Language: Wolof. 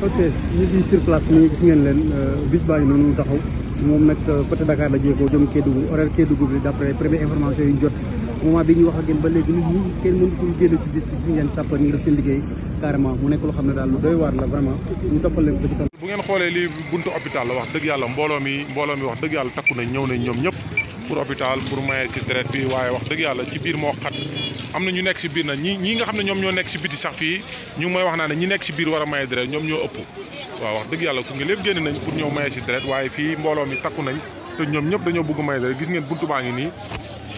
ok nit yi sur place ngeen leen euh, bis baa ngi noonu taxaw moom nag euh, côté Dakar la jéego jëm Kédougou horaire Kédougou bi d' après première information yi ñu jot moment bi ñu wax ak yéen ba léegi nit ñi kenn mënu ko génn ci bis bi gis ngeen sàpp ñu ngi seen liggéey carrément mu nekk loo xam ne daal lu doy waar la vraiment ñu toppal leen ko ci kanam bu ngeen xoolee lii buntu hôpital la wax dëgg yàlla mbooloo mi mbooloo mi wax dëgg yàlla takku nañ ñëw nañ ñoom ñëpp pour hôpital pour maye si deret bi waaye wax dëgg yàlla ci biir moo xat am na ñu nekk si biir nag ñi ñii nga xam ne ñoom ñoo nekk si biti sax fii ñu ngi may wax naa ne ñi nekk si biir war maye deret ñoom ñoo ëpp waaw wax dëgg yàlla ku ngi lépp génn nañ pour ñëw maye si deret waaye fii mbooloo mi takku nañ te ñoom ñëpp dañoo bëgg maye deret gis ngeen buntu baa ngi nii